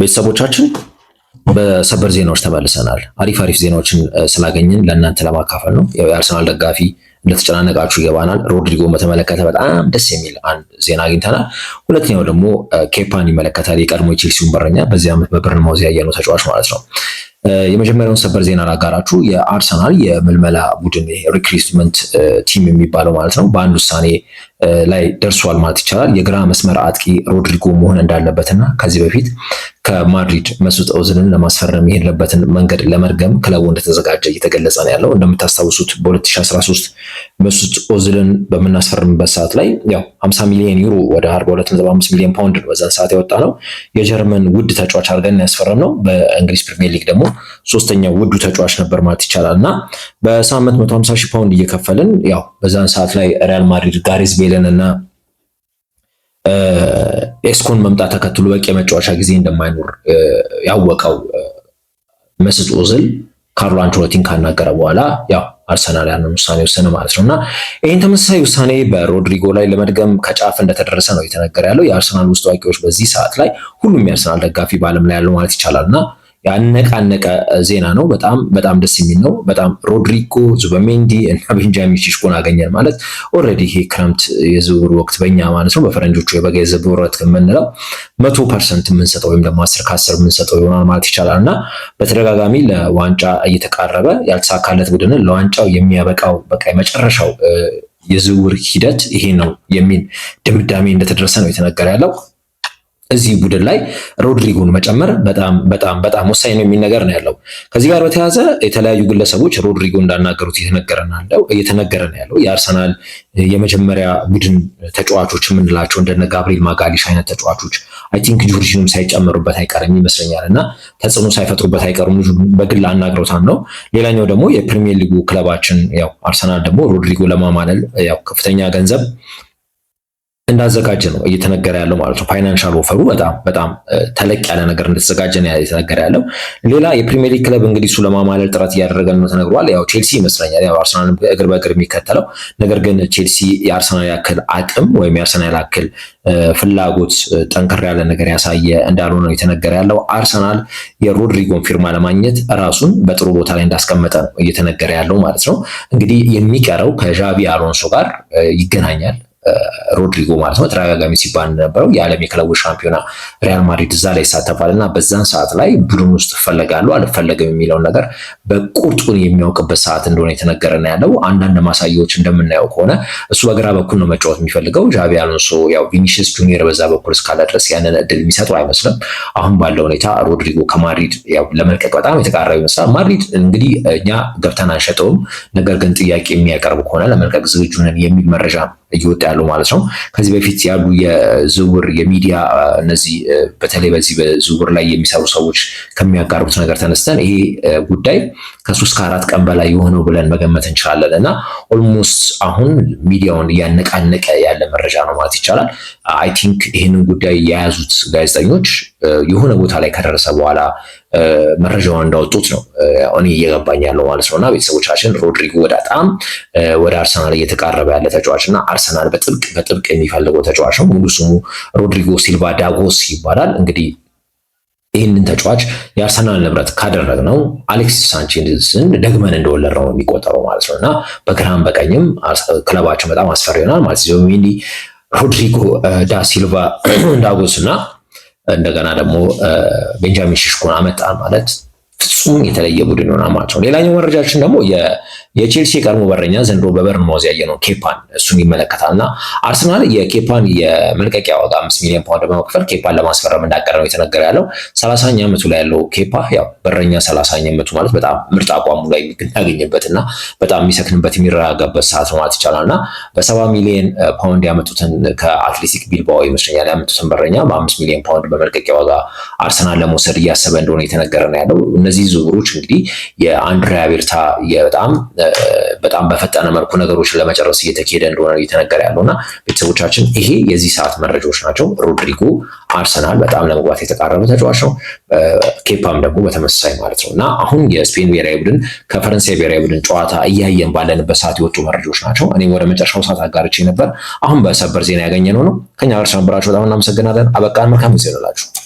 ቤተሰቦቻችን በሰበር ዜናዎች ተመልሰናል። አሪፍ አሪፍ ዜናዎችን ስላገኘን ለእናንተ ለማካፈል ነው። የአርሰናል ደጋፊ እንደተጨናነቃችሁ ይገባናል። ሮድሪጎ በተመለከተ በጣም ደስ የሚል አንድ ዜና አግኝተናል። ሁለተኛው ደግሞ ኬፓን ይመለከታል። የቀድሞ የቼልሲውን በረኛ በዚህ ዓመት በቦርንማውዝ ያየነው ተጫዋች ማለት ነው። የመጀመሪያውን ሰበር ዜና ላጋራችሁ። የአርሰናል የምልመላ ቡድን ሪክሪትመንት ቲም የሚባለው ማለት ነው በአንድ ውሳኔ ላይ ደርሷል ማለት ይቻላል። የግራ መስመር አጥቂ ሮድሪጎ መሆን እንዳለበትና ከዚህ በፊት ከማድሪድ መስዑድ ኦዝልን ለማስፈረም የሄድንበትን መንገድ ለመድገም ክለቡ እንደተዘጋጀ እየተገለጸ ነው ያለው። እንደምታስታውሱት በ2013 መስዑድ ኦዝልን በምናስፈርምበት ሰዓት ላይ ያው 50 ሚሊዮን ዩሮ ወደ 42.5 ሚሊዮን ፓውንድ በዛን ሰዓት ያወጣ ነው። የጀርመን ውድ ተጫዋች አድርገን ያስፈረም ነው። በእንግሊዝ ፕሪሚየር ሊግ ደግሞ ሶስተኛው ውዱ ተጫዋች ነበር ማለት ይቻላል እና በሳምንት 150 ሺህ ፓውንድ እየከፈልን ያው በዛን ሰዓት ላይ ሪያል ማድሪድ ጋሪዝ ቤለን እና ኤስኮን መምጣት ተከትሎ በቂ የመጫወቻ ጊዜ እንደማይኖር ያወቀው መስጥ ኦዝል ካርሎ አንቸሎቲን ካናገረ በኋላ ያው አርሰናል ያንን ውሳኔ ወሰነ ማለት ነው እና ይህን ተመሳሳይ ውሳኔ በሮድሪጎ ላይ ለመድገም ከጫፍ እንደተደረሰ ነው የተነገረ ያለው። የአርሰናል ውስጥ አዋቂዎች በዚህ ሰዓት ላይ ሁሉም የአርሰናል ደጋፊ በዓለም ላይ ያለው ማለት ይቻላል እና ያነቃነቀ ዜና ነው። በጣም በጣም ደስ የሚል ነው። በጣም ሮድሪጎ፣ ዙበሜንዲ እና ቤንጃሚን ሽሽኮን አገኘን ማለት ኦልሬዲ ይሄ ክረምት የዝውውር ወቅት በእኛ ማለት ነው በፈረንጆቹ የበጋ የዝውውር ወቅት የምንለው መቶ ፐርሰንት የምንሰጠው ወይም ደግሞ አስር ከአስር የምንሰጠው ይሆናል ማለት ይቻላል እና በተደጋጋሚ ለዋንጫ እየተቃረበ ያልተሳካለት ቡድን ለዋንጫው የሚያበቃው በቃ የመጨረሻው የዝውውር ሂደት ይሄ ነው የሚል ድምዳሜ እንደተደረሰ ነው የተነገረ ያለው። እዚህ ቡድን ላይ ሮድሪጎን መጨመር በጣም በጣም በጣም ወሳኝ ነው የሚል ነገር ነው ያለው። ከዚህ ጋር በተያያዘ የተለያዩ ግለሰቦች ሮድሪጎ እንዳናገሩት እየተነገረ ነው ያለው። የአርሰናል የመጀመሪያ ቡድን ተጫዋቾች የምንላቸው እንደነ ጋብሪኤል ማጋሊሽ አይነት ተጫዋቾች አይ ቲንክ ጆርጂንም ሳይጨመሩበት አይቀርም ይመስለኛል እና ተጽዕኖ ሳይፈጥሩበት አይቀሩም። ልጁ በግል አናግረውታን ነው። ሌላኛው ደግሞ የፕሪሚየር ሊጉ ክለባችን ያው አርሰናል ደግሞ ሮድሪጎ ለማማለል ያው ከፍተኛ ገንዘብ እንዳዘጋጀ ነው እየተነገረ ያለው ማለት ነው። ፋይናንሻል ኦፈሩ በጣም በጣም ተለቅ ያለ ነገር እንደተዘጋጀ ነው እየተነገረ ያለው። ሌላ የፕሪሚየር ሊግ ክለብ እንግዲህ እሱ ለማማለል ጥረት እያደረገ ነው ተነግሯል። ያው ቼልሲ ይመስለኛል ያው አርሰናል እግር በእግር የሚከተለው ነገር ግን ቼልሲ የአርሰናል ያክል አቅም ወይም የአርሰናል ያክል ፍላጎት ጠንከር ያለ ነገር ያሳየ እንዳልሆነ ነው የተነገረ ያለው። አርሰናል የሮድሪጎን ፊርማ ለማግኘት ራሱን በጥሩ ቦታ ላይ እንዳስቀመጠ ነው እየተነገረ ያለው ማለት ነው። እንግዲህ የሚቀረው ከዣቪ አሎንሶ ጋር ይገናኛል ሮድሪጎ ማለት ነው ተደጋጋሚ ሲባል ነበረው የዓለም የክለቦች ሻምፒዮና ሪያል ማድሪድ እዛ ላይ ይሳተፋል እና በዛን ሰዓት ላይ ቡድን ውስጥ እፈለጋለሁ አልፈለግም የሚለውን ነገር በቁርጡን የሚያውቅበት ሰዓት እንደሆነ የተነገረን ያለው አንዳንድ ማሳያዎች እንደምናየው ከሆነ እሱ በግራ በኩል ነው መጫወት የሚፈልገው። ዣቢ አሎንሶ ያው ቪኒሽስ ጁኒየር በዛ በኩል እስካለ ድረስ ያንን እድል የሚሰጠው አይመስልም። አሁን ባለው ሁኔታ ሮድሪጎ ከማድሪድ ያው ለመልቀቅ በጣም የተቃረበ ይመስላል። ማድሪድ እንግዲህ እኛ ገብተን አንሸጠውም፣ ነገር ግን ጥያቄ የሚያቀርብ ከሆነ ለመልቀቅ ዝግጁ ነን የሚል መረጃ ነው እየወጣ ያለው ማለት ነው። ከዚህ በፊት ያሉ የዝውውር የሚዲያ እነዚህ በተለይ በዚህ በዝውውር ላይ የሚሰሩ ሰዎች ከሚያጋሩት ነገር ተነስተን ይሄ ጉዳይ ከሶስት ከአራት ቀን በላይ የሆነው ብለን መገመት እንችላለን እና ኦልሞስት አሁን ሚዲያውን እያነቃነቀ ያለ መረጃ ነው ማለት ይቻላል። አይ ቲንክ ይህንን ጉዳይ የያዙት ጋዜጠኞች የሆነ ቦታ ላይ ከደረሰ በኋላ መረጃውን እንዳወጡት ነው እኔ እየገባኝ ያለው ማለት ነው። እና ቤተሰቦቻችን ሮድሪጎ በጣም ወደ አርሰናል እየተቃረበ ያለ ተጫዋች እና አርሰናል በጥብቅ በጥብቅ የሚፈልገው ተጫዋች ነው። ሙሉ ስሙ ሮድሪጎ ሲልቫ ዳጎስ ይባላል። እንግዲህ ይህንን ተጫዋች የአርሰናል ንብረት ካደረግ ነው አሌክሲስ ሳንቼዝን ደግመን እንደወለድ ነው የሚቆጠረው ማለት ነው እና በግራም በቀኝም ክለባችን በጣም አስፈሪ ይሆናል ማለት ሮድሪጎ ዳ ሲልቫ ዳጎስ እና እንደገና ደግሞ ቤንጃሚን ሽሽኩን አመጣ ማለት ፍጹም የተለየ ቡድን ሆና ማለት ነው። ሌላኛው መረጃችን ደግሞ የቼልሲ የቀድሞ በረኛ ዘንድሮ በበርንማውዝ ነው ኬፓን እሱን ይመለከታል እና አርሰናል የኬፓን የመልቀቂያ ዋጋ አምስት ሚሊዮን ፓውንድ በመክፈል ኬፓን ለማስፈረም እንዳቀረ ነው የተነገረ ያለው። ሰላሳኛ ዓመቱ ላይ ያለው ኬፓ ያው በረኛ ሰላሳኛ ዓመቱ ማለት በጣም ምርጥ አቋሙ ላይ የሚገኝበት እና በጣም የሚሰክንበት የሚረጋጋበት ሰዓት ነው ማለት ይቻላል እና በሰባ ሚሊዮን ፓውንድ ያመጡትን ከአትሌቲክ ቢልባኦ ይመስለኛል ያመጡትን በረኛ በአምስት ሚሊዮን ፓውንድ በመልቀቂያ ዋጋ አርሰናል ለመውሰድ እያሰበ እንደሆነ የተነገረ ነው ያለው። እነዚህ ዝውውሮች እንግዲህ የአንድሪያ ቤርታ በጣም በጣም በፈጠነ መልኩ ነገሮችን ለመጨረስ እየተካሄደ እንደሆነ እየተነገረ ያለው እና ቤተሰቦቻችን ይሄ የዚህ ሰዓት መረጃዎች ናቸው። ሮድሪጎ አርሰናል በጣም ለመግባት የተቃረበ ተጫዋች ነው። ኬፓም ደግሞ በተመሳሳይ ማለት ነው እና አሁን የስፔን ብሔራዊ ቡድን ከፈረንሳይ ብሔራዊ ቡድን ጨዋታ እያየን ባለንበት ሰዓት የወጡ መረጃዎች ናቸው። እኔም ወደ መጨረሻው ሰዓት አጋርቼ ነበር። አሁን በሰበር ዜና ያገኘነው ነው። ከኛ ጋር ስለነበራችሁ በጣም እናመሰግናለን። አበቃን። መልካም ጊዜ ይሆንላችሁ።